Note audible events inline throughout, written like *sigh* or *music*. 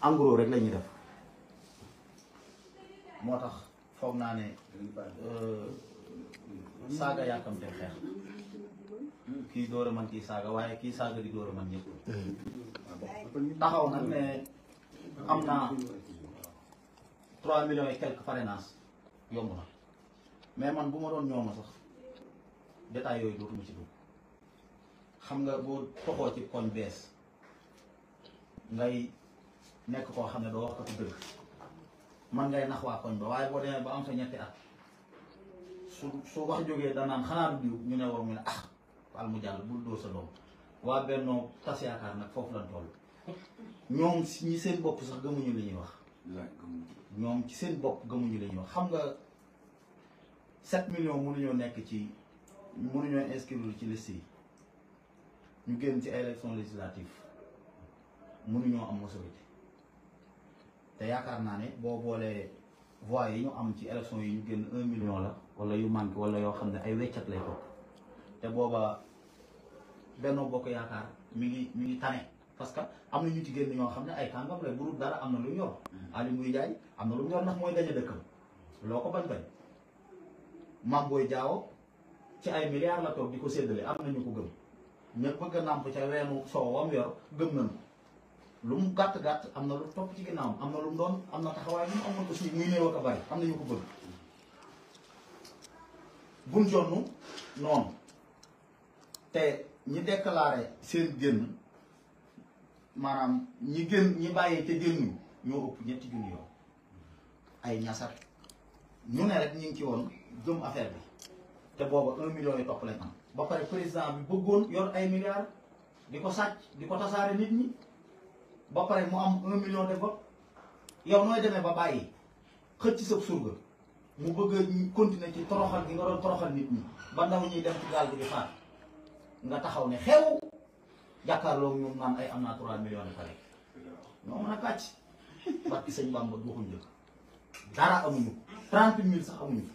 Anggur en gros rek la def moo tax foog naa ne euh, saaga yàkkamte xeex kii door a man kii saaga waaye kii saaga di door man ñëpp taxaw nag ne am naa millions et quelques yomb na mais man sax détail ci xam nga ci ngay nekk koo xam ne doo wax ko ci dëgg man ngay nax waa koñ ba waaye boo demee ba am fa ñetti at su su wax jógee danaan xanaa du diw ñu ne war mu ne ah wal mu jàll bul dóor sa doom waa bennoo tas yaakaar nag foofu lan toll ñoom ñi seen bopp ñuy wax ñoom ci seen bopp gëmuñu li ñuy wax xam nga sept millions mënuñoo nekk ci mënuñoo inscrire ci liste yi ñu génn ci élection législative mënuñoo am majorité te yaakaar naa ne boo boolee voix yi ñu am ci élection yi ñu génn un million la wala yu manqué wala yoo xam ne ay weccat lay topp te booba Benno Bokk Yaakaar mi ngi mi ngi tane parce que am na ñu ci génn ñoo xam ne ay kàngam lay burub dara am na lu mu yor muy mm. Ngouille am na lu mu ndax mooy gañe dëkkam loo ko bañ bañ Mame Boye ci ay milliards la toog di ko séddale am na ñu ko gëm ñëpp bëgg a nàmp ca weenu soowam yor gëm nañu lu mu gàtt gàtt am na lu topp ci ginnaawam am na lu mu doon am na taxawaay bi mu amoon aussi muy néew ak a am na ñu ko bëgg buñ jonn noonu te ñi déclaré seen génn maanaam ñi génn ñi bàyyee ca génn ñoo ëpp ñetti junni yoon ay ñasar ñu ne rek ñu ngi ci woon gëm affaire bi te booba un million yi topp lañ am ba pare président bi bëggoon yor ay milliards di ko sàcc di ko tasaare nit ñi ba pare mu am un million de vote yow nooy demee ba bàyyi xëcc sa surga mu bëgg a continuer ci toroxal gi nga doon toroxal nit ñi ba ñuy def ci gaal bi di faat nga taxaw ne xew jàkkaarloo ñoom naan ay am naa trois millions de pare ñoo mën a kàcc *laughs* barki sëñ Bamba waxuñ la dara amuñu trente mille sax amuñu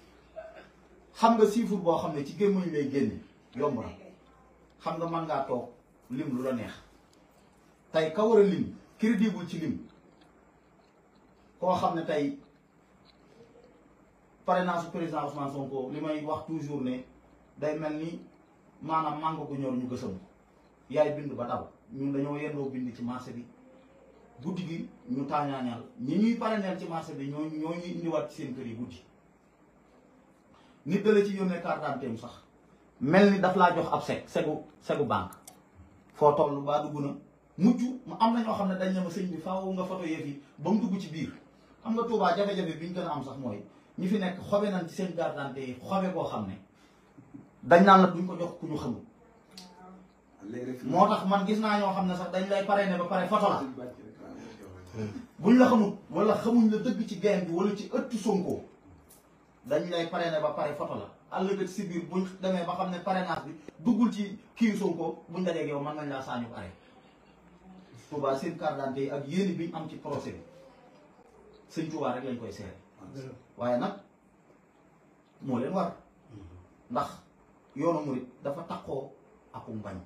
xam nga siifur boo xam ne ci gémmañ lay génne yomb na xam nga mën ngaa toog lim lu la neex tey ka war a lim crédible ci lim koo xam ne tey parrainage président Ousmane Sonko li may wax toujours ne day mel ni maanaam màngo ku ñor ñu gësam yaay bind ba taw ñun dañoo yendoo bind ci marché bi guddi gi ñu taañaañal ñi ñuy parrainel ci marché bi ñoo ñoo ñuy indiwaat ci seen kër yi guddi nit da ci yónnee carte sax mel ni daf laa jox ab seg segu segu banque foo toll baa dugg na mujj mu am na ñoo xam ne dañ ne ma sëñ bi faaw nga foto yëf yi ba mu dugg ci biir xam nga Touba jafe-jafe bi ñu am sax mooy ñu fi nekk xobe nañ ci seen carte d'identité xobe koo xam dañ naan la duñ ko jox ku ñu xamul. moo man gis naa ñoo xam sax dañ lay pare ne ba pare foto la buñ la xamul wala xamuñ la dëgg ci gain bi wala ci ëttu Sonko dañ lay pare ne ba pare foto la. àllëgët si biir buñ demee ba xam ne bi duggul ci kii Sonko buñ dajee ak yow mën nañ laa saa pare. Touba seen carte d'identité ak yéene bi ñu am ci procès bi sëñ rek lañ koy seere waaye nag moo leen war ndax yoonu murit dafa takkoo ak mbañ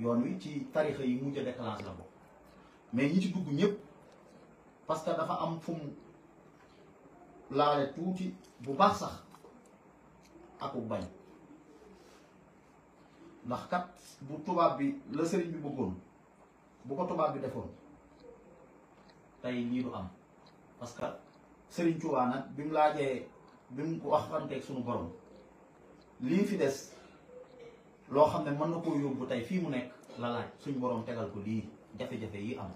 yoon wi ci tarixa yi mujj a déclenché la bokk mais ñi ci dugg ñëpp parce que dafa am fu mu laale tuuti bu baax sax ak bañ ndax kat bu tubaab bi la sëriñ bi bëggoon bu ko tubaab bi defoon tey lii du am parce que sëriñ Tuubaa nag bi mu laajee bi mu waxanteeg suñu borom lii fi des loo xam ne mën na koo yóbbu tey fii mu nekk la laaj suñu borom tegal ko lii jafe-jafe yi am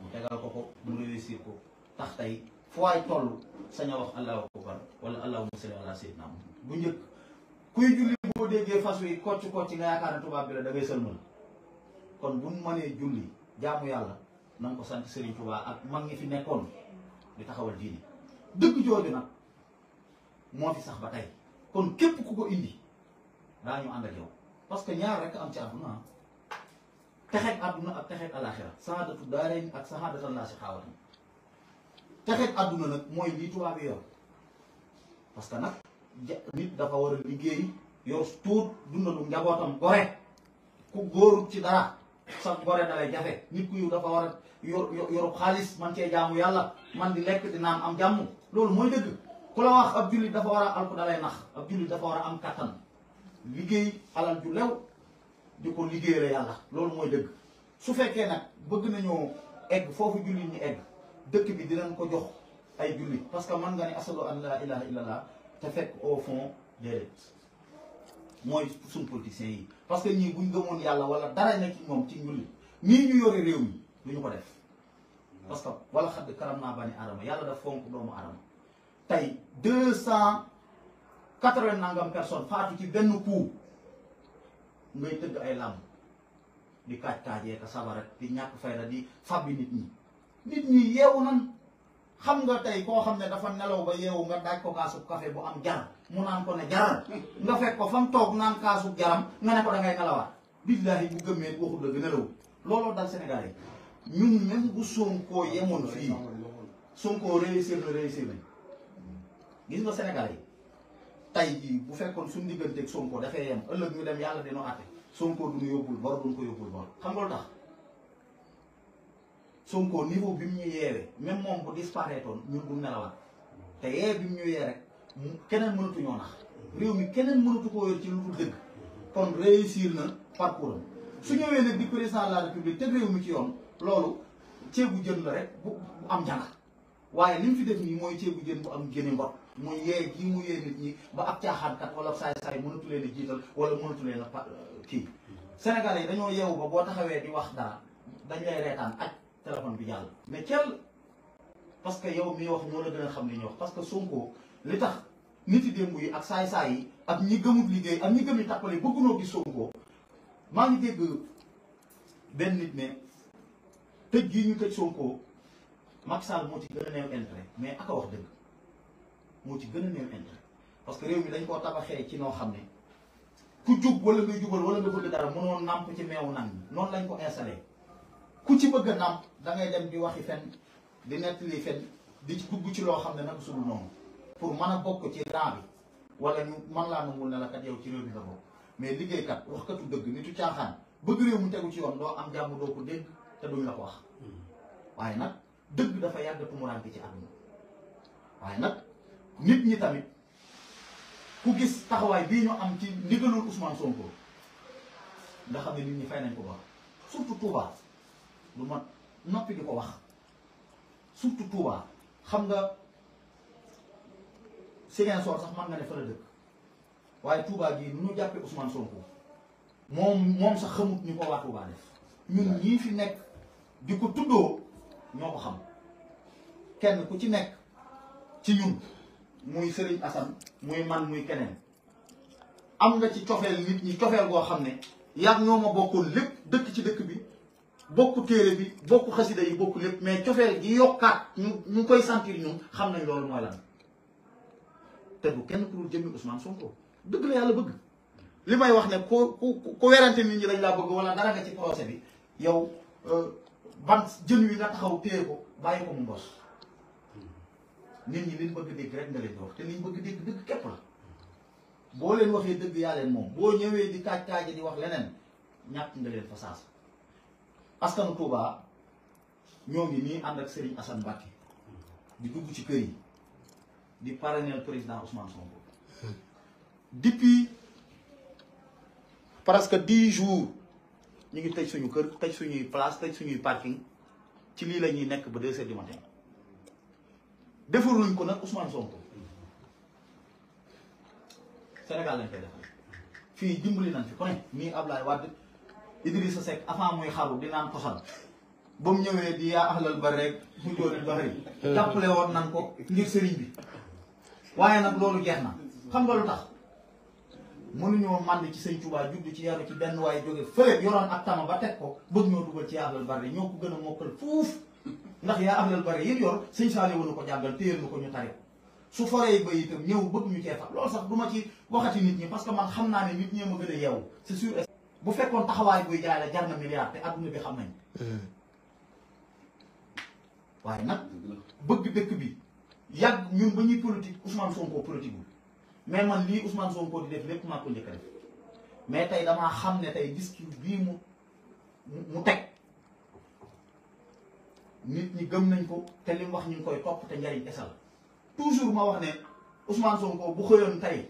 mu tegal ko ko mu réussir ko tax tey foo ay toll sañ a wax allahu akbar wala allahumma salli bu njëkk kuy julli boo déggee fas wi kocc kocc nga yaakaar ne tubaab bi la da ngay sëlmal kon buñ mënee julli jaamu yàlla na nga ko sant Serigne Touba ak mag ñi fi nekkoon di taxawal diini dëgg jooju nag moo fi sax ba tey kon képp ku ko indi daañu ànd ak yow parce que ñaar rek am ci àdduna texeeg àdduna ak texeeg alaxira saadatu daareen ak saadatan laa si xaawatan texeeg àdduna nag mooy lii tubaab yi yor parce nag nit dafa war a liggéey yor tuut dundalu njabootam gore ku góor ci dara sax gore dalay jafe nit ku yiw dafa war a yor yor xaalis man cee jaamu yàlla man di lekk di naan am jàmm loolu mooy dëgg ku la wax ab jullit dafa war a alku dalay nax ab jullit dafa war a am kattan liggéey alal ju lew di ko liggéeyale yàlla loolu mooy dëgg su fekkee nag bëgg nañoo egg foofu jullit ñi egg dëkk bi dinañ ko jox ay jullit parce que mën nga ne asadu an la ilaha te fekk au fond déedéet mooy suñu politiciens yi parce que ñii buñ gëmoon yàlla wala dara nekk ci ñoom ci ñun nii ñu yore réew mi lu ñu ko def parce que wala xam karamna bani arama yàlla da fonk doomu arama tay deux cent nangam personnes faatu ci benn coup ngay tëgg ay làmb di kaaj kaajee ka sabar di ñàkk fayda di fabbi nit ñi nit ñi yeewu nan xam nga tey koo xam ne dafa nelaw ba yeewu nga daaj ko kaasub café bu am jaram mu naan ko ne jaram nga fekk ko fa toog naan kaasub jaram nga ne ko da ngay nelawaat billaahi bu gëmmee waxu dëgg nelaw looloo dal Sénégal yi ñun même bu Sonko yemoon fii Sonko réussir na réussir nañ gis nga Sénégal yi tey jii bu fekkoon suñu digganteeg Sonko dafay yem ëllëg ñu dem yàlla dina àtte Sonko duñu yóbbul bor duñ ko yóbbul bor xam nga lu tax Sonko niveau bi mu ñu yeewee même moom bu disparaître woon ñun bu nelawaat te yee bi mu ñu yee rek mu keneen mënatu ñoo nax réew mi keneen mënatu koo yor ci lu dul dëgg kon réussir na parcours su ñëwee nag di président de la république te réew mi ci yoon loolu ceebu jën la rek bu am janax waaye li mu fi def nii mooy ceebu jën bu am jën génne mbot mu yee ji mu yee nit ñi ba ab caaxaankat wala saay-saay mënatu leen a jiital wala mënatu leen par kii Sénégalais yi dañoo yeewu boo taxawee di wax dara dañ lay reetaan téléphone bi jàll mais cell parce que yow mi wax moo la gën a xam li ñuy wax parce que Sonko li tax nit yi démb yi ak saay-saay yi ak ñi gëmut liggéey ak ñi gëm yi tàppale bëggunoo gis Sonko maa ngi dégg benn nit ne tëj gii ñu tëj Sonko Macky moo ci gën a néew intérêt mais aka wax dëgg moo ci gën a néew intérêt parce que réew mi dañ koo tabaxee ci noo xam ne ku jub wala nga jubal wala nga bëgg dara mënoo nàmp ci meewu nan noonu lañ ko installé ku ci bëgg a nàmp da ngay dem di waxi fen di nettali fen di dugg ci loo xam ne nag suñu noonu pour mën a bokk ci daa bi wala ñu mën laa nangul ne la kat yow ci réew mi nga bokk mais liggéeykat waxkatu dëgg nitu caaxaan bëgg réew mu tegu ci yoon doo am jàmm doo ko dégg te duñ la ko wax waaye nag dëgg dafa yàgg tumuraanke ci àdduna waaye nag nit ñi tamit ku gis taxawaay bii ñu am ci ndigalul Ousmane Sonko nga xam ne nit ñi fay nañ ko baax surtout Touba lu noppi di ko wax surtout Touba xam nga Ziguinchor sax mën nga ne fa la dëkk waaye Touba gii nu ñu jàppee Ousmane Sonko moom moom sax xamut ñu ko waa Touba def ñun ñii fi nekk di ko tuddoo ñoo ko xam kenn ku ci nekk ci ñun muy Serigne Assane muy man muy keneen am nga ci cofeel nit ñi cofeel goo xam ne yàgg ñoo ma bokkoon lépp dëkk ci dëkk bi bokku téere bi bokku xasida yi bokku lépp mais cofeel gi yokkaat ñu ñu koy sentir ñun xam nañ loolu mooy lan te du kenn ku dul jëmmi Ousmane Sonko dëgg la yàlla bëgg li may wax ne ku ku ku werante nit ñi dañ dara nga ci bi yow euh, ban jën wi nga taxaw téye ko bàyyi mbos nit ñi liñ bëgg dégg rek nga leen di te liñ bëgg dégg dëgg képp la boo leen waxee dëgg yaa leen moom boo ñëwee di kaaj kaaje di wax leneen ñàkk nga leen fa saasa astanu Touba ñoo ngi nii ànd ak Serigne Assane Mbacké di dugg ci kër yi di parrainer président Ousmane Sonko depuis presque dix jours ñu ngi tëj suñu kër tëj suñuy place tëj suñuy parking ci lii la ñuy nekk ba deux heures defaruñ ko nag Ousmane Sonko Sénégal lañ koy defal fii dimbali nañ fi ku ne nii Ablaye Wade. Idrissa Seck avant muy xaru di naan posan ba mu ñëwee di yaa ahlal bari rek bu mu jooni bari jàppale woon nan ko ngir sëriñ bi waaye nag loolu jeex na xam nga lu tax mënuñoo mànd ci sëñ Tuubaa jublu ci yaru ci benn waaye jóge fële yoroon ak tama ba teg ko bëgg ñoo dugal ci yaa ahlal bari ñoo ko gën a mokkal fuuf ndax yaa ahlal bari yéen yor sëñ Saaliw wala ko jàngal téyal na ko ñu tari su foree ba itam ñëw bëgg ñu cee fa loolu sax du ma ci waxati ñi parce que man xam naa ne nit ñee bu fekkoon taxawaay buy jaay la jar na milliard te adduna bi xam nañ hmm. waaye nag bëgg dëkk bi yàgg ñun ba ñuy politique Ousmane Sonko politique wul mais man lii Ousmane Sonko di def lépp maa ko njëkk a def mais tey damaa xam ne tey discours bii mu mu teg nit ñi gëm nañ ko te li wax ñu koy topp te njariñ esal toujours ma wax ne Ousmane Sonko bu xëyoon tey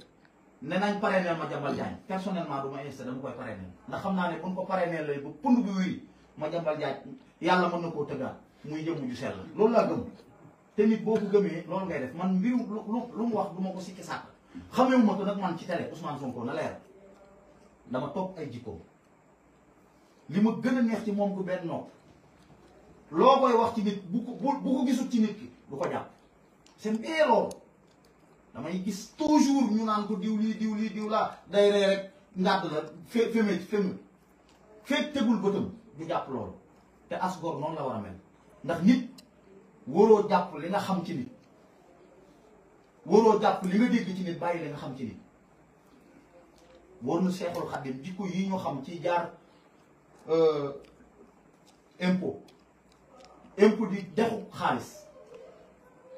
ne nañ parrainel ma jambal jaañ personnellement du ma insté dama koy parrainel ndax xam naa ne buñ ko parrainel lay bu pund bu wéri ma jambal jaañ yàlla mën na koo tëggaat muy jëmm ju sell loolu laa gëm te nit boo ko gëmee loolu ngay def man mbiru lu lu mu wax du ma ko sikki sàkk xamewu ma ko nag man ci télé Ousmane Sonko na leer dama topp ay jikkoom li ma gën a neex ci moom ku benn nopp loo koy wax ci nit bu ko bu ko gisul ci nit ki du ko jàpp damay gis toujours ñu naan ko diw lii diw lii diw day rey rek ngàdd la fé fémé fémé féeg tegul bëtam du jàpp loolu te asgor noonu la war a mel ndax nit waroo jàpp li nga xam ci nit waroo jàpp li nga dégg ci li nga xam ci nit war na seexul xaddim jikko yi ñu xam ci jaar euh, impôt impôt di dexu xaalis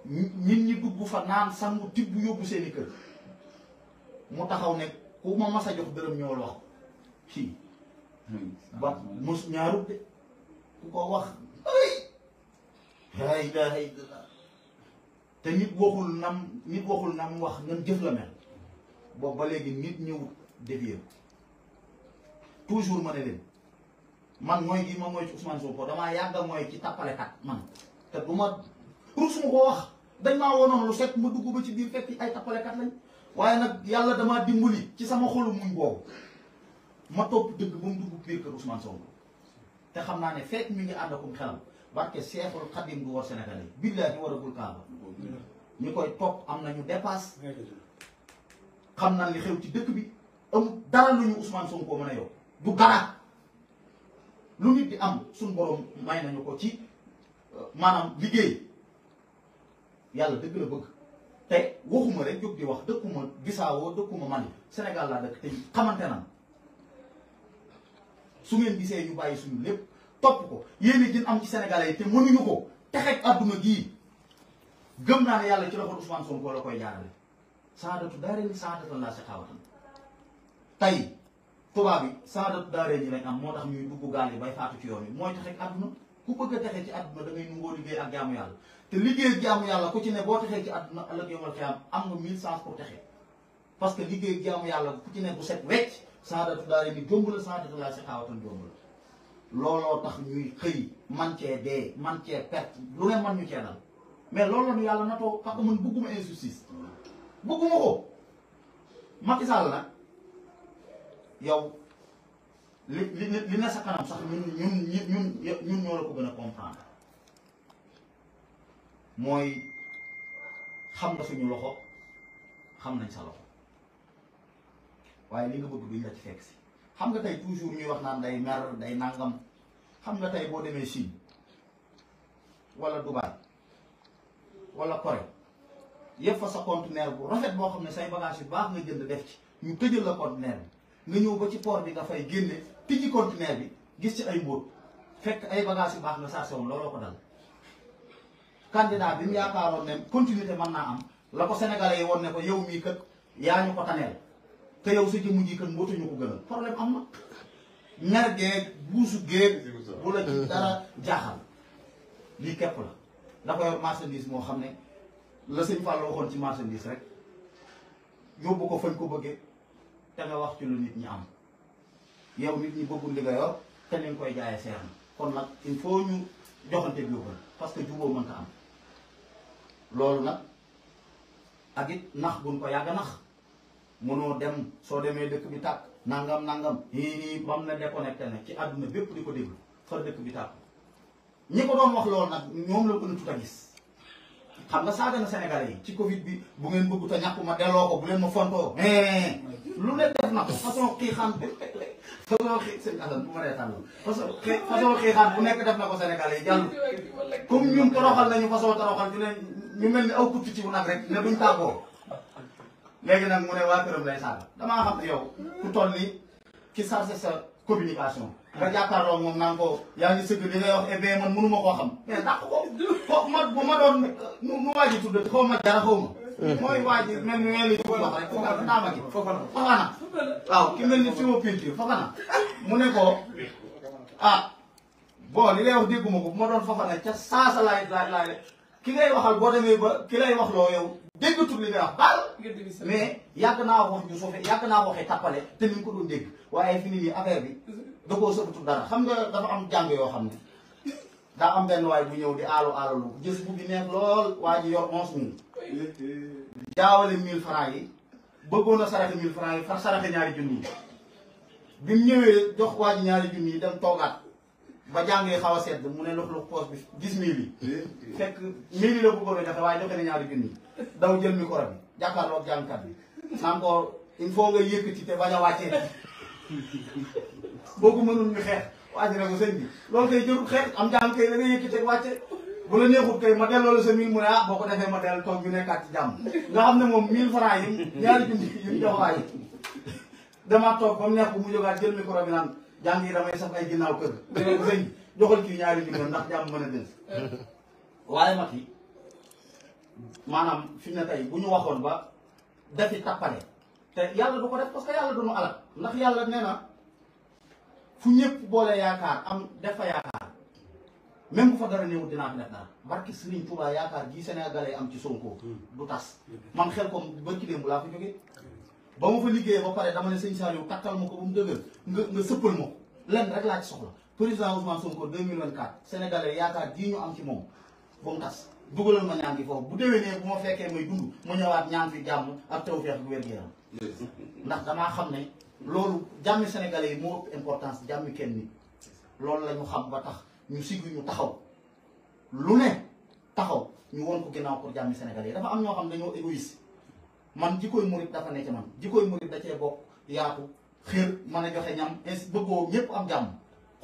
nit ñi dugg fa naan sangu tibb yóbbu seeni kër mu taxaw ne ku ma mas a jox dërëm ñool wax kii ba mos ñaarut de ku ko wax ay la ilaha te nit waxul nam nit waxul nam wax nan jëf la mel boobu ba léegi nit ñëwut dévier toujours ma ne leen man mooy gi ma mooy ci Ousmane Sonko damaa yàgg mooy ci tappalekat man te du ma mu ko wax dañ maa wonoon lu set ma dugg ci biir fekk ay tappalekat lañ waaye nag yàlla damaa dimbali ci sama xolu muñ boobu ma topp dëgg mu dugg biir kër Ousmane Sonko te xam naa ne fekk mi ngi ànd akum xelam barke Seexul Xadim du war Sénégal yi a waragul Kaaba ñu koy topp am na ñu dépasse xam naa ni xew ci dëkk bi am dara lu ñu Ousmane Sonko mën a yow du dara lu nit am suñ borom may nañu ko ci euh, maanaam liggéey yàlla dëgg la bëgg te waxuma rek jóg di wax dëkkuma gisaawoo dëkkuma man Sénégal laa dëkk te xamante na su ngeen gisee ñu bàyyi suñu lépp topp ko yéen a am ci Sénégalais yi te mënuñu ko texeeg àdduna gii gëm naa yàlla ci loxo Ousmane Sonko la koy jaarale saadatu daare ni saadatu laa si xaawatan tey tubaab yi saadatu daare ni lañ am moo tax ñuy dugg gaal yi bay faatu ci yoon yi mooy texeeg àdduna ku bëgg a texe ci àdduna da ngay nungoo liggéey te liggéey jaamu yàlla ku ci ne boo texee ci àdduna ëllëg yomal xiyam am nga mille chance pour texee parce que liggéey jaamu yàlla ku ci ne bu set wecc saadatu daara ni jomb la saadatu laa si xaawatan jomb la looloo tax ñuy xëy man cee dee man cee perte lu ne man ñu cee dal mais loolu la ñu yàlla natoo parce que man bëgguma injustice bëgguma ko Macky Sall yow li li li ne sa kanam sax ñun ñun ñun ñun ñoo la ko gën a comprendre mooy xam nga suñu loxo xam nañ sa loxo waaye li nga bëgg duñ la ci fekk si xam nga tey toujours ñuy wax naan day mer day nangam xam nga tey boo demee Chine wala Dubaï walla Corée yëpp fa sa conteneur bu rafet boo xam ne say bagage yu baax nga jënd def ci ñu tëjal la conteneur bi nga ñëw ba ci port bi nga fay génne tijji conteneur bi gis ci ay mbóot fekk ay bagage yu baax nga saa sewoon looloo ko dal candidat bi mu yaakaaroon ne continuité mën naa am la ko sénégalais yi woon ne ko yow mii kat yaa ñu ko taneel te yow sa jëmm ji kat mbootuñu ko gënal problème am na ñaar geeg buusu géeg bu la dara jaaxal lii képp la dafa yor moo xam ne la sëñ Fall waxoon ci marchandise rek yóbbu ko fañ ko bëggee te nga wax ci lu nit ñi am yow nit ñi bëggul li te ni nga koy jaayee seer na kon nag il faut ñu joxante bi parce que juboo mën ta am lol nag ak it nax buñ ko yag nax mëno dem so démé dëkk bi tak nangam nangam yii nii bam na déconnecté na ci aduna bëpp diko ko déglu far dëkk bi tak ñi ko doon wax lol ñom la tuta gis xam nga saaga na Sénégalais yi ci Covid bi bu ngeen bëggut ta ñàkk ma delloo ko bu leen ma hé lu leen def na ko façon xiixaan bi *laughs* façon xii bu ma reetaan façon façon xiixaan bu nekk def na ko Sénégalais yi jàll comme ñun toroxal nañu façon ñu leen. ñu mel ni aw ku ci wu nag rek ne duñ tàggoo léegi nag mu ne waa këram lay saaga damaa xam yow ku toll ni ki chargé sa communication. nga jàkkaarloo moom naa ko yaa ngi sëgg li ngay wax et eh man mënu koo xam. mais ma bu ma doon nu waa ji tudd xaw ma dara xaw mooy waa ji mel ni mel ni ñu wax rek ki mel ni fi ma peinture foofa na mu ne ko ah bon li ngay wax dégguma ko bu ma doon foofa na ca saasa laay laay laay. ki ngay waxal boo demee ba ki lay wax loo yow déggatul li ngay wax mais yàgg naa wax ñu suufee yàgg naa waxee tappale te ni nga ko doon dégg waaye fi ni nii affaire bi da koo sëbatu dara xam nga dafa am jàng yoo xam ne daa am benn waay bu ñëw di aalu aalalu jës bu bi neex lool waa ji yor onze mille jaawale mille francs yi bëggoon a saraxe mille francs yi far saraxe ñaari junni yi bi ñëwee jox waa ji ñaari junni yi dem toogaat ba jàngee xaw a sedd mu ne lux lux poos bi gis mille yi eh, eh. fekk mille la bëggoon a joxe waaye joxe na ñaari junni daw jël micro bi jàkkaarloog jàngkat bi naan ko il faut nga yëkkati te bañ a wàccee *laughs* boo ko mënul ñu xeex waa ji ne ko bi loolu kay jërul xeex am jàng kay da nga yëkkati te wàcce bu la neexut kay ma delloo la sa mille mu ne ah boo ko defee ma dell toog ñu nekkaat jàmm nga xam ne moom mille francs yi ñaari junni yi mu jox waa ji *laughs* dama mu neex ko jàng yi damay sax ay ginnaaw kër. dinañ sëñ joxal ndax jàmm mën a dëns. waaye mat yi maanaam fi ne tey bu ñu waxoon ba dafi tappale te yàlla du ko def parce que yàlla du nu alal ndax yàlla nee na fu ñëpp boole yaakaar am def fa yaakaar même bu fa dara néewut dinaa fi def dara barki Serigne Touba yaakaar gii Sénégalais am ci Sonko. du tas man xel kom ba ci démb laa fa jógee. ba fa liggéeyee ba pare dama ne sëñ Saliou takkal mako ko ba mu dëgër nga nga sëppal ma ko rek laa ci soxla président Ousmane Sonko 2024 sénégalais yaakaar jii ñu am ci moom ba mu tas dugalal ma ñaan gi foofu bu déwénee bu ma fekkee may dund ma ñëwaat ñaan fi jàmm ak tawfeex bu wér-gu-yaram ndax dama xam ne loolu jàmmi sénégalais yi moo ëpp importance jàmmi kenn nit loolu la ñu xam ba tax ñu siggu ñu taxaw lu ne taxaw ñu won ko ginnaaw pour jàmmi sénégalais yi dafa am ñoo xam dañoo égoïste man jikkoy murit dafa ne ci man jikkoy murit da cee bokk yaatu xéer mën a joxe ñam ins bëggoo ñëpp am jàmm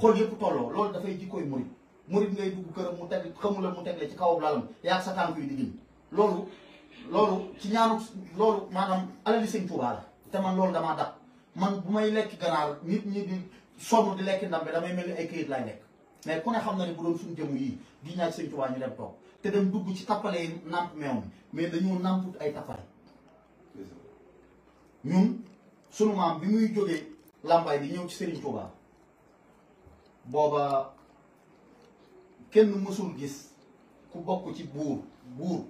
xool yëpp tolloo loolu dafay jikkooy murit murit ngay dugg këram mu teg xamu la mu teg ci kawam lalam yaa sa tànk yu diggiñ loolu loolu ci ñaanu maanaam alali sëñ te man loolu damaa dab man bu may lekk ganaar nit ñi di sonn di lekk ndam bi damay mel ni ay këyit laay lekk mais ku ne xam na ne bu doon suñu jëmu yi di ñaaj sëñ Tuubaa ñu dem toog te dem dugg ci tappale yi nàmp meew mi mais dañoo nàmput ay tappale ñun sunu maam bi muy jógee làmbaay di ñëw ci Serigne Touba booba kenn mësul gis ku bokk ci buur buur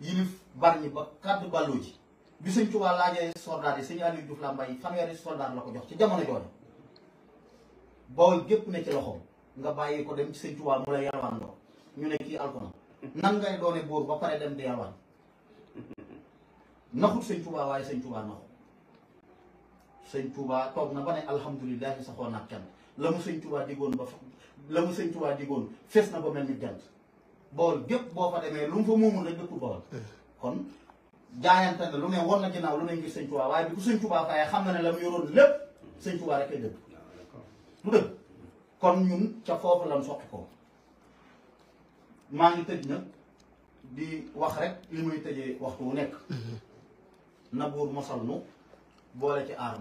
yilif barñi ba kàddu bàllu ji bi sëñ Touba laajee soldaar yi sëñ Aliou Diouf Lambaye fanweeri soldaar la ko jox ci jamono jooju Bawol gépp ne ci loxoom nga bàyyi ko dem ci sëñ Touba mu la yalwaan loo ñu ne kii alkona nan ngay doone buur ba pare dem di yalwaan *laughs* naxut sëñ Touba waaye sëñ Touba naxut sëñ Touba toog na ba ne alhamdulilahi saxoon naa kenn la mu sëñ Touba diggoon ba la mu sëñ Touba diggoon fees na ba mel ni jant bool gépp boo fa demee lu mu fa moomul rek dëkku bool eh. kon jaayante na lu ne woon na ginnaaw lu ne ngir sëñ Touba waaye bi ku sëñ Touba fayee xam na ne la mu yoroon lépp sëñ Touba rek ay dëgg lu dëgg kon ñun ca foofu lan soqi ko maa ngi tëj nag di wax rek li muy tëjee waxtu wu nekk mm-hmm. na buur mosal nu boole ci aar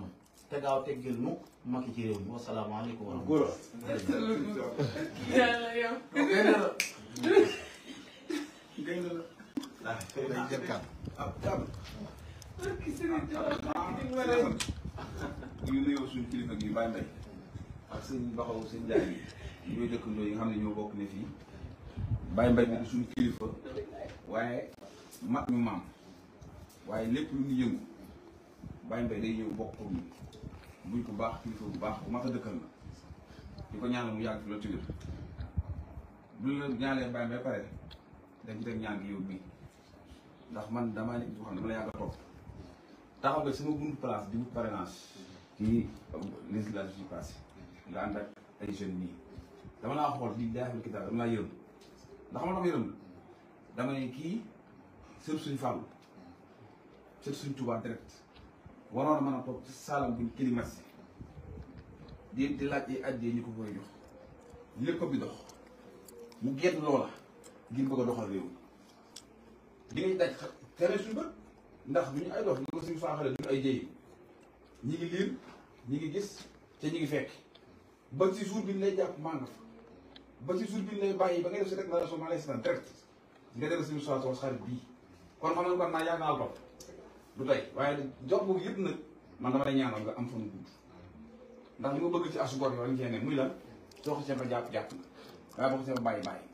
te gaaw teggil nu Macky ci réew mi wasalaamaaleykum wa rahmatulah. ak sëñ Baxaw sëñ Njaay yi ñooy dëkkandoo yi nga xam ne ñoo bokk ne fii Baye Mbaye bi suñu kilifa waaye mag ñu maam waaye lépp lu ñu yëngu Baye Mbaye day ñëw bokk pour muy bu baax kilifa bu baax bu ma a dëkkal la di ko ñaanal mu yàgg fi la ci bu la ñaanee bàyyi ba pare dañ teg ñaan gi yow bii ndax man damaa nekk boo xam ne dama la yàgg a topp taxaw nga sama buntu place di wut pare naa législative yi passé nga ànd ay jeunes nii dama laa xool di daafal kitaab dama ndax ma dama ne kii sër suñ fàllu sër suñ tubaab direct waroon a mën a toog ci saalam buñ climatisé di di laaj ay addee ñu ko koy jox lépp bi dox mu génn loola ngir bëgg a doxal réew di ngay daj tere ñu ay dox ñu ñi ngi gis te ñi ngi fekk ba ci bi lay jàpp maa nga fa ba ci jour bi lay bàyyi ba nga def sa déclaration ma lay seetaan direct nga def suñu soit xarit bii kon xam nga war naa yàgg naa du tey waaye jot boobu yëpp nag man dama lay nga am fan gudd ndax li ma bëgg ci asugor yoo dañ cee ne muy la soo ko seeba jàpp jàpp na waaye boo ko seeba bàyyi bàyyi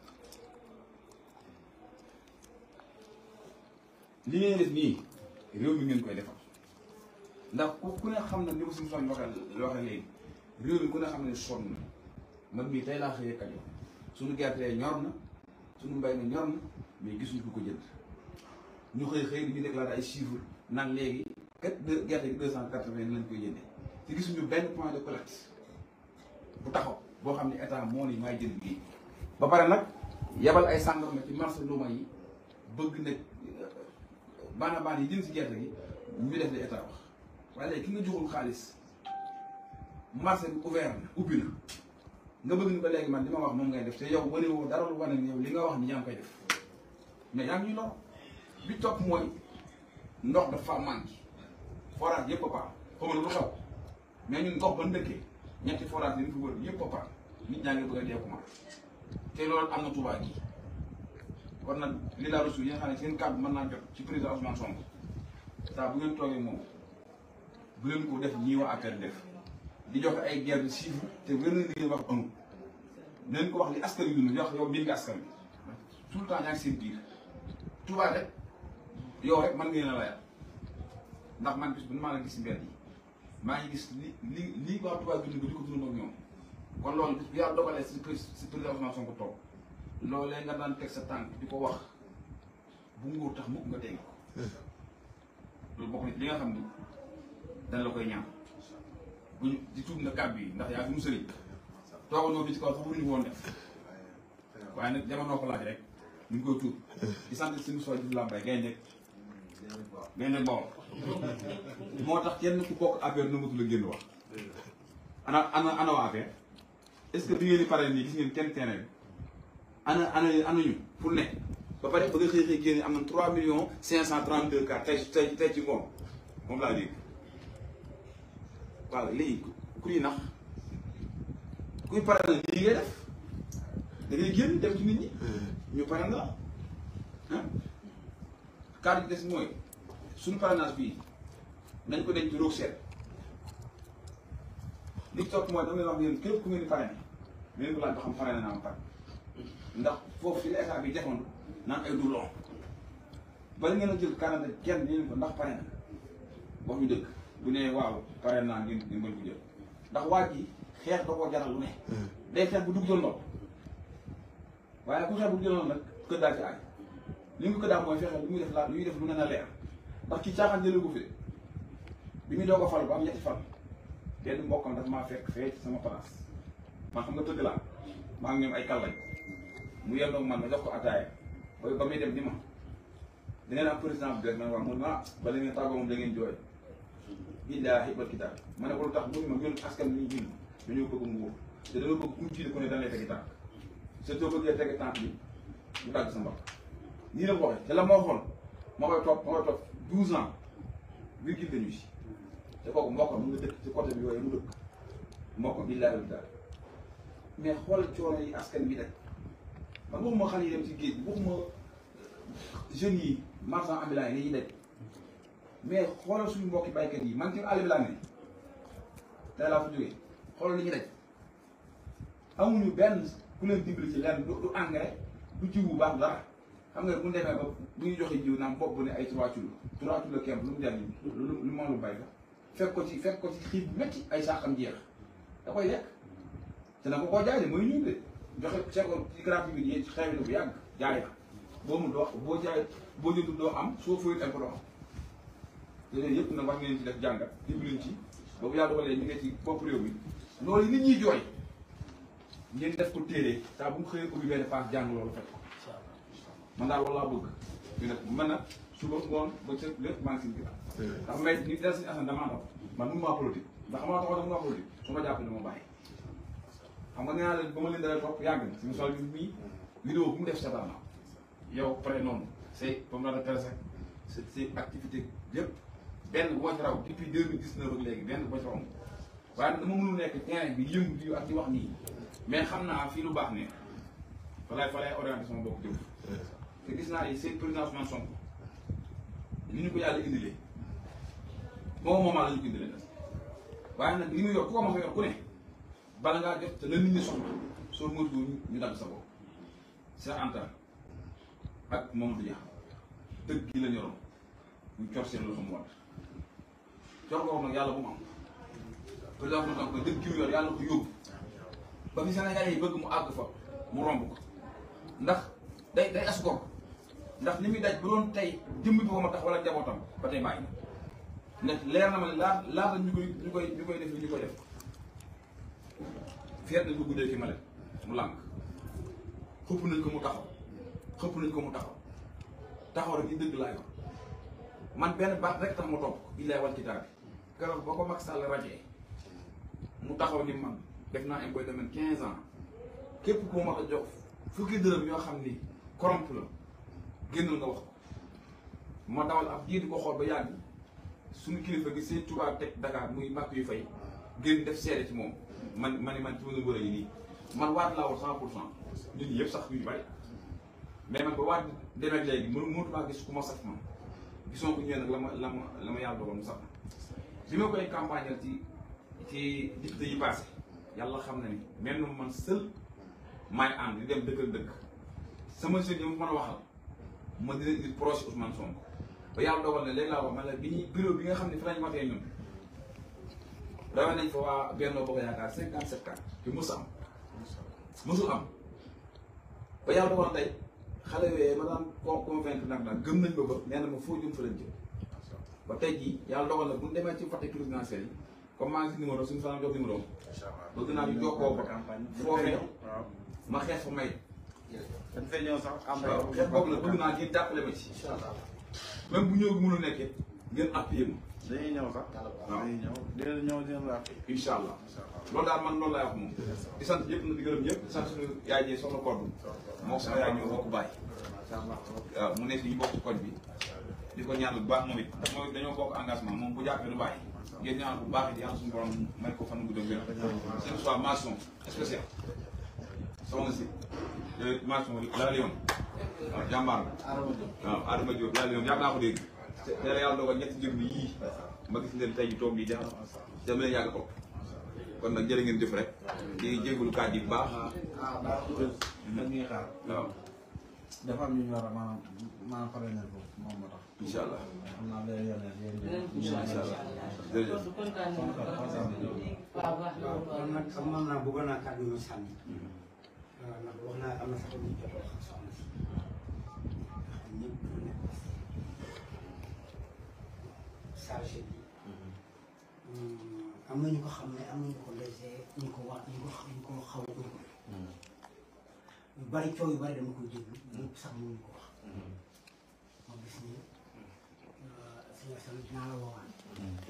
li ngeen nii réew mi ngeen koy defar ndax ku ku ne xam na ni ma suñu sonn waxe waxe léegi réew mi ku ne xam ne sonn na man mii tey laa xëy yëkkal suñu gerte ñor na suñu mbay mi ñor na mais gisuñu ku ko jënd ñu xëy xëy ni ñu déclaré ay chiffres naan léegi quatre gerte gi deux cent quatre vingt lañ koy jëndee te gisuñu benn point de collecte bu taxaw boo xam ne état moo ni may jënd bii ba pare nag yabal ay ma ci marché luuma yi bëgg nag euh, baana baan yi jëm si gerte gi ñu def li état wax waaye ki nga joxul xaalis marché bi ouvert ubbi na nga bëgg ni ba léegi man li ma wax moom ngay def te yow wane woo dara lu wane ni yow li nga wax ni yaa ngi koy def mais yaa ngi ñu lor bi topp mooy ndox dafa manqué forage yëpp a baax xaw ma lu xew mais ñun ndox ba ndëkkee ñetti forage lañ fi wër yëpp a nit ñaa ngi bëgg a dee ko te loolu am na Touba gi kon nag li laa reçu yi nga xam ne seen kàddu mën naa jot ci président Ousmane Sonko saa bu ngeen toogee moom bu leen ko def ñii wax affaire def di joxe ay guerre de chiffres te wér na li wax amul nañ ko wax li askan wi dund wax yow biir nga askan wi tout le temps yaa ngi seen biir Touba rek. yow rek man ngeen a layal ndax man bis bu ma la gis si mbedd yi maa ngi gis li li ko tuba tubaab dund ko dund ak ñoom kon loolu bis bu yàlla dogalee ci ci si président Ousmane Sonko toog loolee nga dan tek sa tank diko wax bu nguur tax mu nga dégg ko loolu bokk nit li nga xam ni dañ la koy ñaan bu di tuub na kàddu ndax ya fi mu togo no bi ci ko fu waruñu won def waye nak jamono ko laaj rek ñu ko koy tuub di sant ci soo di lambay gay nek mais nag moo tax kenn ku bokk affaire nëbatu la génn wax. ana ana ana waa affaire est-ce que bi ngeen di pare nii gis ngeen kenn terrain ana ana ñu pour ne ba pare ba nga xëy xëy génn am na 3 millions 532 cas tey tey tey ci moom moom laa dégg waaw léegi ku ñuy nax kuy pare lii ngay def da génn dem ci nit ñi mmh. ñu pare nga kaar bi des mooy suñu parrainage bii ko denc roog seet li ci topp mooy dama leen wax leen ko laaj xam parrainé naa ma pare ndax foofu fi la état bi naan ay doublon bala ngeen a jël quarante kenn ñu ko ndax parrainé na wax ñu dëgg bu ne waaw parrainé naa ngeen ngeen mën ko jël ndax waaj yi xeex da koo jaral lu ne hmm. day xeex bu dugg jël ndox waaye ku xeex bu dugg jël ndox nag kër daal ci aay li nga ko daa mooy fexe lu muy def la lu muy def lu gën a leer ndax kii caaxaan jëlee ko fi de bi muy doog a fal ba am ñetti fan benn mbokkam daf maa fekk fee ci sama place man xam nga tëgg laa maa ngi ñoom ay kàllañ mu yendoo man ma jox ko ataaya ba ba muy dem ni ma da ngeen am président bu bees man waaw mun naa ah, ba la ngeen tàggoo moom da ngeen jooy billaahi wal kitaab ma ne ko lu tax mu ne ma ñun askan bi ñu jiitu dañoo bëgg nguur te dañoo bëgg ku ñu jiitu ku ne dañ lay tegi tànk surtout bëggee tegi tànk bi mu dagg sa mbokk nii la ko waxee te la moo xool moo koy topp moo koy topp douze ans virgule de nuit te kooku mbokkam mu nga dëkk ci côté bi yooyu mu dëkk mbokkam billaahi wal daal mais xool coono yi bi rek man waxuma xale yi dem ci géej bi waxuma euh, jeunes yi marchands ambulants yi ni ñuy def mais xoolal suñu mbokki baykat yi man ci àll bi laa ne tey laa fa jógee xoolal li ñu def benn ku leen dimbali ci lenn du engrais du jiwu bu baax dara xam na bu ñu demee ba bu joxe jiw naam bopp ne ay trois kilos trois kilos kemb lu mu jariñ lu lu moom lu bay la fekk ko ci fekk ko ci xiif métti ay saaxam jeex da koy lekk te na koo jaay de mooy ñun ci graphique bi yéen na bu yàgg jaay boo mu doo boo jaay boo jëndul doo am soo fooy tam ko doo am te yëpp nag wax ngeen ci def jàngat dimbalin ci boobu yàlla dogalee ñu ngi ci bopp réew mi loolu nit ñuy jooy ngeen def ko téere saa bu mu xëyee ubbi benn paas jàng loolu fekk man dal wala bëgg ñu def man nag suba ngon ba ci lepp ma ci ngi si may nit dess ñu des suñu asan damaa ndaw man mënu maa politique ndax ma taxo dama maa politique su ma jàpp dama bàyyi xam nga nee naa leen ba ma leen dalee topp yàgg na suñu sol bi mii vidéo bu mu def seetaan yow pare non c'est comme la terre sec c'est activité lépp benn boo ci raw depuis 2019 mille dix neuf ak léegi benn boo raw waaye dama mënu nekk terrain bi yëngu di ak di wax ni mais xamna fi lu bax ne fa lay fa lay orienté sama bopp jëm te gis naa yi seen président Ousmane Sonko li ñu ko yàlla indilee moom moment la ñu ko indilee waaye nag li muy yor ku ko ma fa yor ku ne bala ngaa jot te na nit ñi soxla soo moytuwul ñu dagg sa bopp Cheikh Anta ak Mamadou Dia dëgg gi la ñoroon ñu cor seen loxo mu cor ko nag yàlla bu mu am président Ousmane Sonko dëgg gi mu yor yàlla ko yóbbu ba naa Sénégalais yi bëgg mu àgg fa mu romb ndax day day as ndax li muy daj bu doon tey jëmm bi ma tax wala njabootam ba tey bàyyi na ndax leer na ma ne laa laata ñu ñu koy ñu koy def li ñu ko def feet nañ ko guddee ki malet mu lànk xëpp nañ ko mu taxaw xëpp nañ ko mu taxaw taxaw rek di dëgg laa man benn baat rek tax ma topp billaay wal kitaab bi keroog ba ko Macky Sall rajee mu taxaw ni man def naa impôt quinze ans képp ku ma jox fukki dërëm yoo xam ni corrompu la génnal nga wax ko ma dawal ab diir di ko xool ba yàgg suñu kilifa gi seen tubaab teg Dakar muy màkk yu fay génn def seede ci moom man ma ne man ci mën a wër a yi nii man waat laa woon cent pour cent ñun yëpp sax ñu bari mais man ba waat demee léegi mënu mënutuma gis ku ma saf ma gisoon ko ñëwee nag la ma la ma la ma yàlla dogal mu saf ma bi ma koy campagnal ci ci député yi passé yàlla xam na ni même man seul maay ànd di dem dëkk dëkk sama jeune yi ma mën a waxal ma dina indi proche Ousmane Sonko ba yàlla dogal na léegi laa wax man la bi ñuy bureau bi nga xam ne fa lañ matee ñun rawee nañ fa waa benn Bokk Yaakaar cinquante sept quatre te mosu am mosul am ba yàlla dogal tey xale ma daan convaincre nag nag gëm nañ ko ba nee na ma foo jëm fa lañ ba tey jii yàlla dogal na bu ñu demee ci Fatick présidentielle yi comme maa ngi si numéro suñu fanaan jox numéro bëgg naa ñu jokkoo ko foofu ma xeex fa may dañ fay ñëw sax am boobu la bëgg naa ngeen jàppale ma ci bu ñëw gi mënul nekkee ngeen appuyé ma dañuy ñëw sax loolu daal man loolu laay wax moom di sant ñëpp na di gërëm ñëpp di yaay jee soxna kodd moo sama yaay ñëw bokk bàyyi waaw mu nekk ñu bokk ci koñ bi di ko ñaanal bu baax moom it ndax moom it dañoo bokk engagement moom bu jàppee du bàyyi ngeen ñaanal bu baax it yàlla suñu borom may soxna si yooyu marché moom laa liyoon waaw jàmbaar la waaw Adama Diop laa liyoon yàgg naa ko dégg te la yàlla dogal ñetti jëm yii ma gis leen tey ji toog di jaxal dama leen yàgg toog kon nag jërë ngeen jëf rek di jégalu kàddu yi bu baax nag ñuy xaar waaw dafa am ñu a maanaam maanaam pare nañ ko moom moo tax. incha allah xam man naa bëggoon naa kàddu yu ndax wax naa am na sax wax soxna si ndax ñëpp dafa nekk chargé bi mm-hmm. mm, am na xam ne am na ñu ko léegi ñu ko wax ñu ko ñu ko xaw a ko lu mm-hmm. bari coow yu bari dama koy déglu lépp mm-hmm. sax mënuñu ma gis ni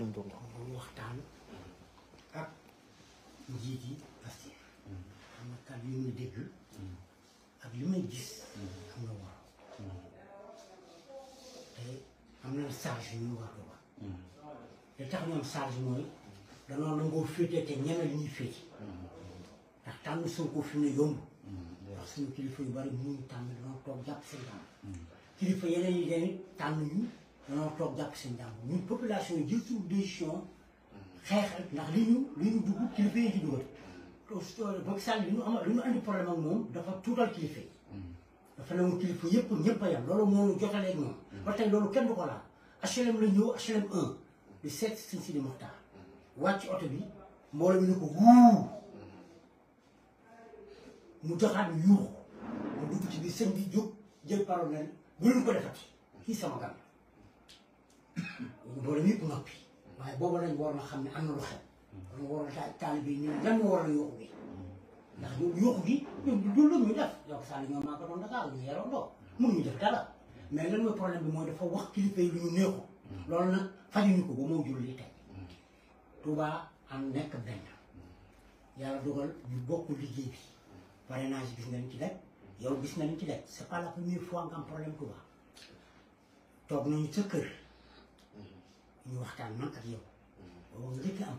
euh, waxtaan ak njiit yi ak mm. mm. mm. yu muy ak gis amna na war amna charge ñu war do war li tax ñoom charge n'a danoo nangoo féete te ñeñal li ñuy féete tan tànn ko fi kilifa yu bari ñu tok sen kilifa yeneen yi ñu sen population yi jël deux décision xeex ndax li ñu ñu dugg kilifa di Macky Sall li ñu ama li ñu andi problème ak moom dafa tuutal kilifa dafa nangu kilifa yëpp ñëpp a yam loolu moo ñu jotale ak moom ba tey loolu kenn du ko laal HLM la ñëw HLM 1 di seet Sëñ Sidi Moxtaar wàcc oto bi mbooloo mi ni ko wuu mu joxaat ñu yuux mu dugg ci biir sëñ bi jóg jël parole na bu leen ko defati kii sama gan *coughs* mbooloo mi yëpp noppi waaye boobu lañ war na xam ne am na lu xew lu war a taal taalibe yi ñun lan moo war a yóoxu gi ndax du ñu def yokk Sall ñoom ñu yeroon doo mënuñu def dara mais lan problème mooy dafa wax kilifa yi lu ñu neexu loolu nag ko ba moo jur ñu bokk liggéey bi parrainage gis nañ ci yow gis nañ ci lekk c'est pas la première fois nga am problème Touba toog nañu sa kër ñu waxtaan am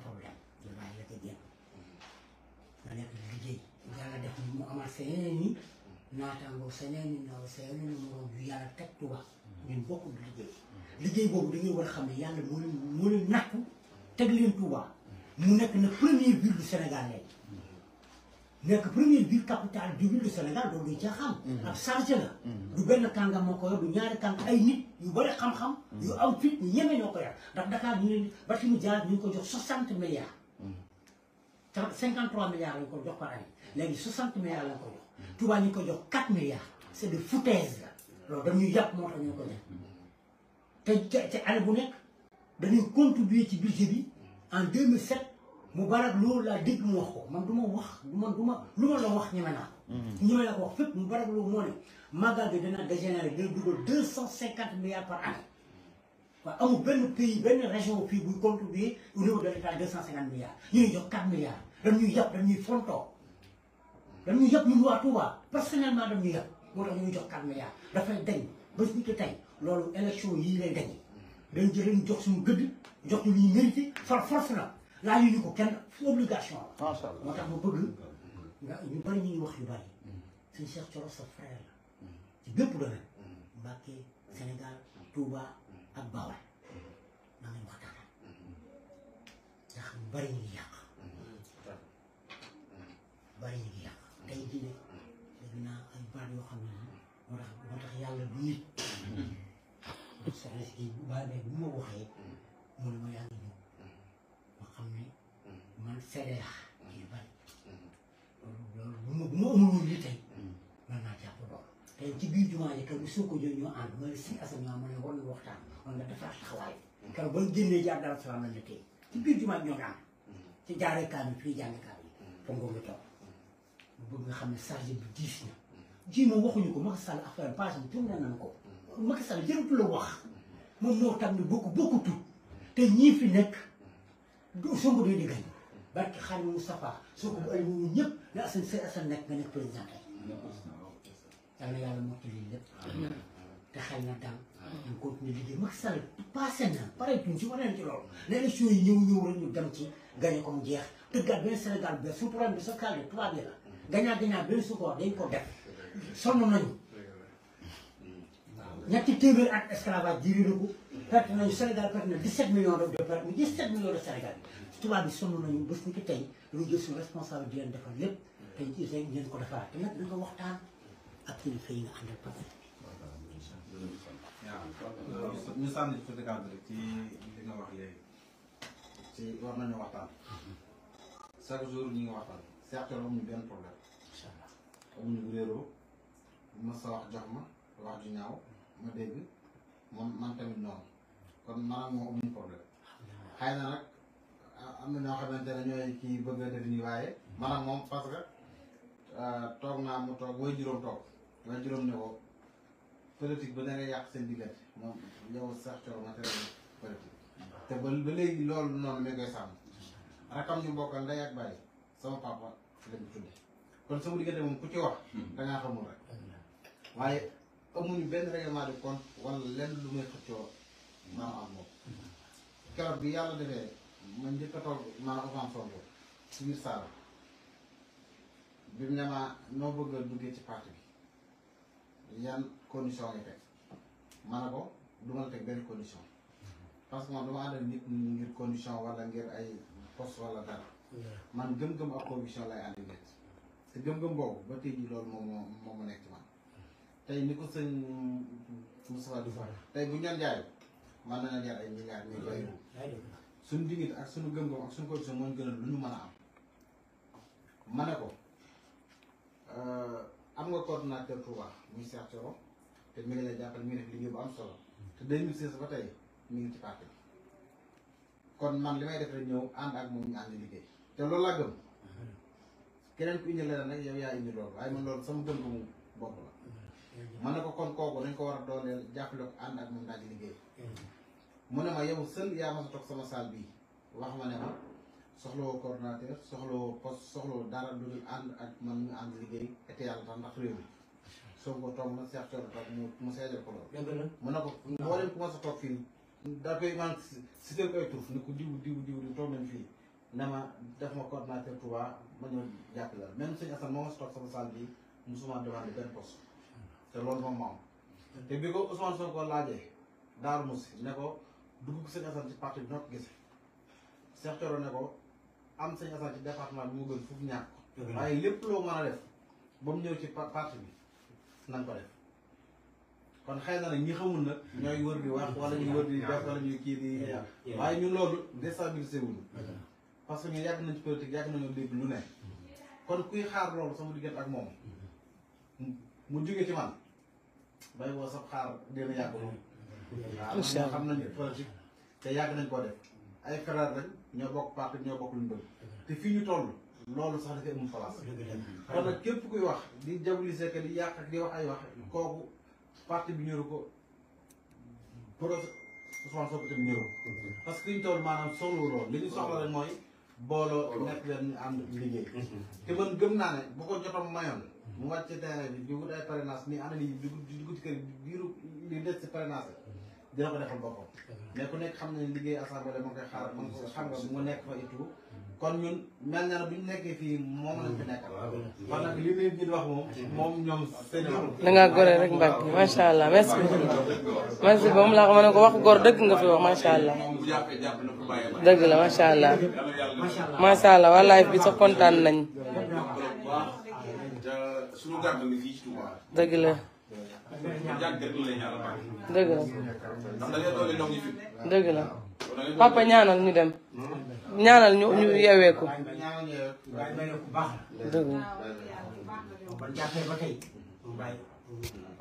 problème ñu bàyyi la ko jéem nga nekk liggéey yàlla def mu amaat seneen ni naataangoo seneen ni ndaw seneen ni moroom yu yàlla teg tubaab ñun bokkul liggéey liggéey boobu dañuy war a xam ne yàlla moo leen moo leen nattu teg leen tubaab mu nekk na première ville du Sénégal léegi nekk première ville capitale du ville du Sénégal du caaxaan. ab chargé la. du benn kàngam moo ko yor du ñaari kàng ay nit yu bëri xam-xam. yu am fit ñeme ñoo ko yor 53 milliards lañ ko jox par 60 milliards lañ ko jox nous ñu ko jox 4 milliards C'est est de foutaise loolu dañuy yàpp moo tax ñu ko def te à année bu nekk contribuer ci budget bi en 2007 Moubarak Lo l'a dégg mu wax ko man du ma wax du man du ma lu ma la wax ñeme naa ko. Mm-hmm. ñeme naa ko wax fépp Moubarak Lo moo ne Magal bi dana dégénéré dina 250 milliards par an. waaw amul benn pays benn région fii buy contribuer au niveau de l'État 250 milliards ñu ngi jox 4 milliards. dañ ñuy yab dañ ñuy fontoo dañ ñuy yab ñun waa Touba personnellement dañ ñuy moo tax ñu jox 4 milliards dafay dañ ba si ko tey loolu élection yii lay dañ dañ jël jox suñu gëdd jox ñu lu ñu mérité far force na laa ñu ko kenn fu obligation la. macha allah moo tax ma bëgg ñu bari ñu wax yu bari suñu Cheikh Thioro sa frère ci bépp domaine Mbacké Sénégal Touba ak Bawol maa ngi waxtaan ndax ñu bari ñu ngi seede la loolu loolu bu ma amul woon nii tey mën naa jàpp loolu tey ci biir jumaa yi kër bu soo ko ñëw ñoo ànd ma ne si asan ñoo ma ne war na waxtaan war na defaraat taxawaay kër ba génnee jaar dara salaam la tey ci biir jumaa ñoo ànd ci jaaree kaam yi fii jàng kaam yi pongo toog mu bëgg nga xam ne charge bi diis na ji moom waxuñu ko Macky Sall affaire passé bi tourné nañ ko Macky Sall jërëtu la wax moom moo tax ne bokkutu te ñii fi nekk du songu dee di barke Xaadimu Mustafaa soo ko bu ay woowu ñëpp ne Assane Seydou Assane nekk nga nekk président tey. yal na yàlla mottali lépp. te xel na dal. ñu continuer liggéey Macky Sall passé na pare tuñ ci wane na ci loolu. l'élection yi ñëw ñëw rek ñu dem ci gagné ko mu jeex tëggaat benn Sénégal bi su problème bi social bi tubaab yi la. gañaat gañaat benn sukoor dañ ko def sonn nañu. ñetti téeméer ak esclavage jiiri na ko perte nañu Sénégal perte na 17 millions de de perte 17 millions de Sénégal. tubaab bi sonn nañu bés ni ki tey lu jël suñu responsable di leen defal lépp tey ci usine di ko defaraat te nag ko waxtaan ak parce que ñu sànni ci kàddu rek ci li nga wax léegi ci war nañu waxtaan chaque jour ñu ngi waxtaan certes amuñu benn problème incha allah amuñu réeroo ma sa wax jox ma wax ju ñaaw ma dégg moom man tamit noonu kon maanaam moom amuñu problème xëy na nag am na ñoo xamante ne ñooy ci bëgg a def nii waaye man ak moom parce que euh, toog naa mu toog way juróom toog way juróom ne ko politique ba da ngay yàq seen diggante moom yow sax coono nga te ba ba léegi sama papa lañ ko tuddee kon sama diggante moom ku ci wax da xamul rek waaye amuñu benn règlement de compte wala lenn lu may xëccoo maam am moom keroog bi yàlla defee. ma njëkk a togg maa Ousmane Sonko ci biir Saalum bi mu ne ma noo bëgg a duggee ci parti bi yan condition nga teg ma ne ko du ma la teg benn condition parce que man dama àndal nit ngir condition wala ngir ay poste wala dara man gëm-gëm ak condition lay àndi nit te gëm-gëm boobu ba tey loolu moom moom mu nekk ci man tey ni ko sëñ Moussa di fa tey bu ñoon jaay man na na jaar ay milliards ñu suñ diggante ak suñu gëm-gëm ak suñu conviction moo ñu gënal lu ñu mën a am ma ne ko euh, am nga coordonnateur Touba muy Cheikh Thioro te mi ngi lay jàppale mi ngi def liggéey bu am solo te 2016 ba tey mi ngi ci parti bi kon man li may def rek ñëw ànd ak moom ñu ànd liggéey te loolu laa gëm keneen ku indi leneen nag yow yaa indi loolu waaye man loolu sama gëm gëmu bopp la mm-hmm. ma ko kon kooku dañ ko war a dooleel jàppale ko ànd ak moom daal di liggéey mm-hmm. mu ne ma yow sël yaa ma sa toog sama saal bii wax ma ne ma soxlawoo coordonnateur soxlawoo poste soxlawoo dara lu dul ànd ak man ñu ànd liggéey te yàlla tax ndax réew ma sa toog fii da koy si tël di toog nañ fii ne ma def ma coordonnateur Touba ma ñëw jàpp la même sëñ moo ma sa toog sama saal bii musuma demandé benn poste te loolu moom moo te bi ko Ousmane Sonko laajee Darou Moussi ne ko dugub ko sëñ Assane ci parti bi noo ko gisee Cheikh Thioro ne ko am sëñ Assane ci département bi mu gën foofu ñàkk ko waaye lépp loo mën a def ba mu ñëw ci parti bi nañ ko def kon xëy na nag ñi xamul nag ñooy wër di wax wala ñuy wër di def wala ñuy kii di waaye ñun loolu déstabilisé wuñu parce que ñun yàgg nañ ci politique yàgg nañu dégg lu ne kon kuy xaar loolu sama diggante ak moom mu jóge ci man bay boo sab xaar dina yàgg moom incha allah nañ nañu projet te yàgg nañ koo def ay frères lañ ñoo bokk parti ñoo bokk luñ bëgg te fii ñu toll loolu sax dafay amul place kon nag képp kuy wax di diaboliser que di yàq di wax ay wax kooku parti bi ñëru ko projet Ousmane Sonko tamit ñëru parce que ñu toll maanaam soxlu loolu li ñu soxla rek mooy ñu ànd liggéey bi di wut di dugg ci kër biiru li des ci parrainage dina ko defal boppam ne liggéey assemblée mu fi nekkal kon ñoom seen da gore rek Mbacke macha allah merci beaucoup merci laa ma ne ko wax góor dëgg nga fi wax macha allah dëgg la macha allah macha allah waa live bi sa kontaan nañ dëgg la yàgg rek lay ñaanal baax. dëgg la. ndax ñu fi. dëgg la papa dem. ñaanal ñu ñu yeweeku. dëgg la.